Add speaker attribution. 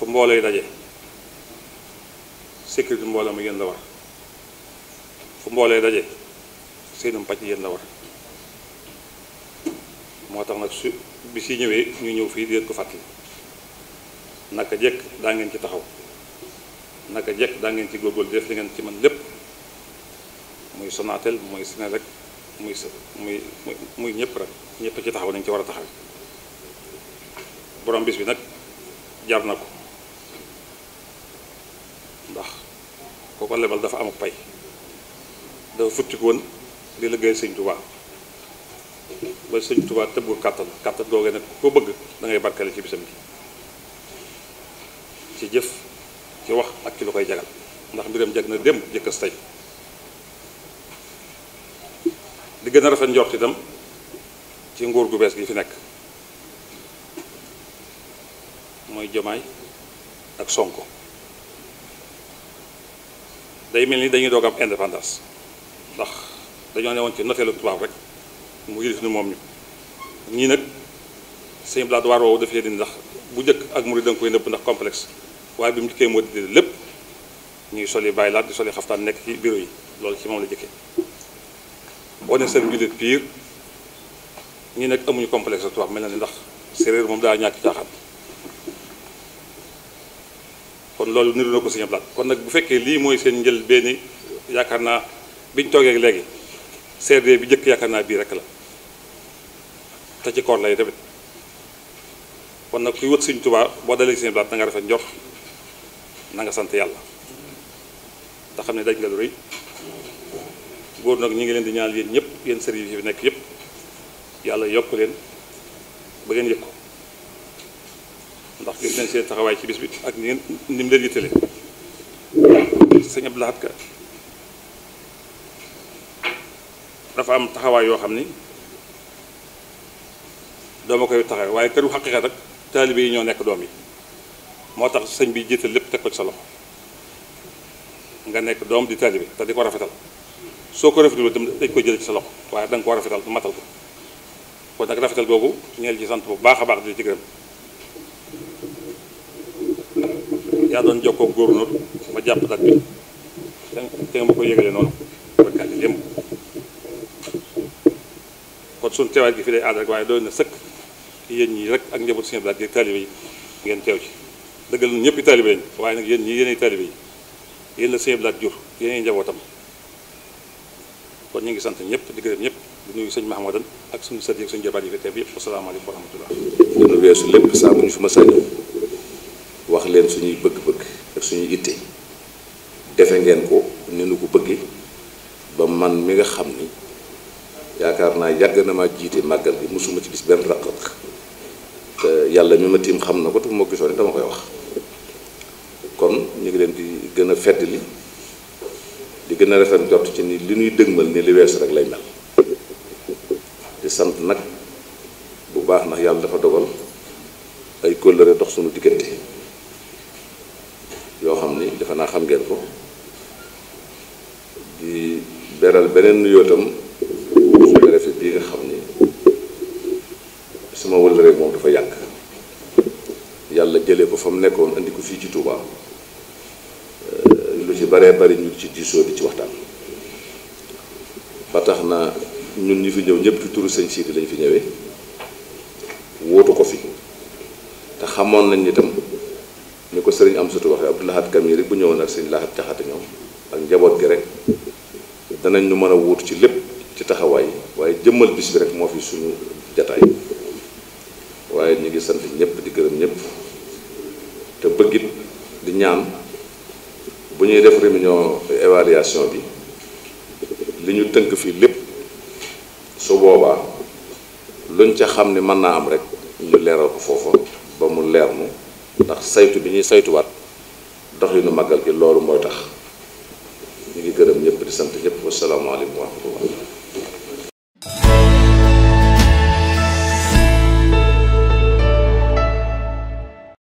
Speaker 1: fu mbooloo yi daje sécurité mbooloo ma yéen la war fu mbooloo daje seenum pàcc yéen la war moo tax nag su bi si ñëwee ñu ñëw fii di leen ko fàttali naka jëkk daa ngeen ci taxaw naka jëkk daa ngeen ci góorgóorlu def li ngeen ci man lépp muy Sonatel muy Senelec muy muy muy ñëpp rek ñëpp ci taxaw nañ ci war a taxaw borom bis bi nag jar na ko ndax ku ko lebal dafa am pay dafa futtiku li di liggéey sëñ Tuubaa ba sëñ Tuubaa tëb ko kàttan kàttan googee nag ku ko bëgg da ngay barkale ci bisam bi ci jëf ci wax ak ci lu koy jagal ndax mbiram jag na démb jëkkës tey li gën a rafet njort itam ci nguur gu bees gi fi nekk mooy Jomaay ak Sonko day mel ni dañuy doog am indépendance ndax dañoo ne woon ci noteelu tubaab rek mu yilif nu moom ñu ñii nag sëñ blaat waar woowu daf leen ndax bu njëkk ak mu da nga koy nëbb ndax complexe waaye bi mu njëkkee moo di lépp ñuy soli bàyyi laat di soli xaftaan nekk ci biiru yi loolu ci moom la jëkkee boo ne seen jullit piir ñii nekk amuñu complexe tubaab mel na ni ndax séréer moom daa ñàkk caaxaan kon loolu niru na ko si Abdou Lahad kon nag bu fekkee lii mooy seen njël benn yaakaar naa biñ toogee léegi CRD bi njëkk yaakaar naa bii rek la te ci koor lay tamit kon nag kuy wët Sëñ Tuubaa boo dalee Sëñ Abdou Lahad na nga rafet njort na sant yàlla te xam ne daj nga lu rëy góor nag ñi ngi leen di ñaanal yéen ñëpp yéen sëriñ yi nekk yëpp yàlla yokk leen ba ngeen yëg ndax gis nañ seen taxawaay ci bis bi ak ni ni mu leen yittale sëñ Abdou Lahad Ka dafa am taxawaay yoo xam ni dooma koy taxawee waaye këru xaqiiqa rek taalibe yi ñoo nekk doom yi moo tax sëñ bi jiital lépp teg ko ci sa loxo nga nekk doom di taalibe te di ko rafetal soo ko rafetul dem dañ ko jël ci sa loxo waaye da ko rafetal matal ko kon nag rafetal boobu ñeel ci sant bu baax a baax di ci laa doon jokkoo gouverneur ma jàpp tak bi te nga ma ko yëgalee noonu bakkaat yi démb kon suñ teewaat gi fi day aad rek waaye doon na sëkk yéen ñi rek ak njaboot sëñ Abdou ak taalibe yi ngeen teew ci dëggal ñëpp i taalibe lañ waaye nag yéen ñi yéenay taalibe yi yéen la sëñ Abdou jur yéenay njabootam kon ñu ngi sant ñëpp di gërëm ñëpp di nuyu ak suñ sët yi ak suñu yi fi teew yëpp asalaamaaleykum wa rahmatullah dana weesu lépp saa
Speaker 2: ñu fi ma sañ wax leen suñuy bëgg ak suñu itte defe ngeen ko ni nu ko bëggee ba man mi nga xam ni yaakaar naa yàgg na maa jiite màggal bi mësuma ci bis benn raq-raq te yàlla mi ma tiim xam na ko te moo gisoon dama koy wax kon ñu ngi leen di gën a fedd li di gën a rafet jot ci ni li ñuy dëgmal ni li weesu rek lay mel di sant nag bu baax ndax yàlla dafa dogal ay kóllëre dox suñu diggante yi naa xam ngeen ko di beral beneen nuyoo itam su préfet bii nga xam ni sama wëllëre moom dafa yàgg yàlla jëlee ko fa mu nekkoon indi ko fii ci Touba lu ci baree bari ñu ci diisoo di ci waxtaan ba tax na ñun ñu fi ñëw ñëpp ci turu sëñ Sidi lañ fi ñëwee wootu ko fi te xamoon nañ ni tam ñu ko sëriñ am sutu waxee Abdou Lahad Kam yi rek bu ñëwoon ak sëriñ Lahad Jaxate ñoom ak njaboot gi rek danañ ñu mën a wuutu ci lépp ci taxawaay waaye jëmmal bis bi rek moo fi suñu jataay waaye ñu ngi sant ñëpp di gërëm ñëpp te bëggit di ñaan bu ñuy def réunion évariation bi li ñu tënk fii lépp su boobaa luñ ca xam ni mën naa am rek ñu leeral ko foofa ba mu leer mu ndax saytu bi ñuy saytuwaat nu màggal gi loolu mooy tax ñu ngi gërëm ñëpp di sant ñëpp wasalaamaaleykum wa rahmatullah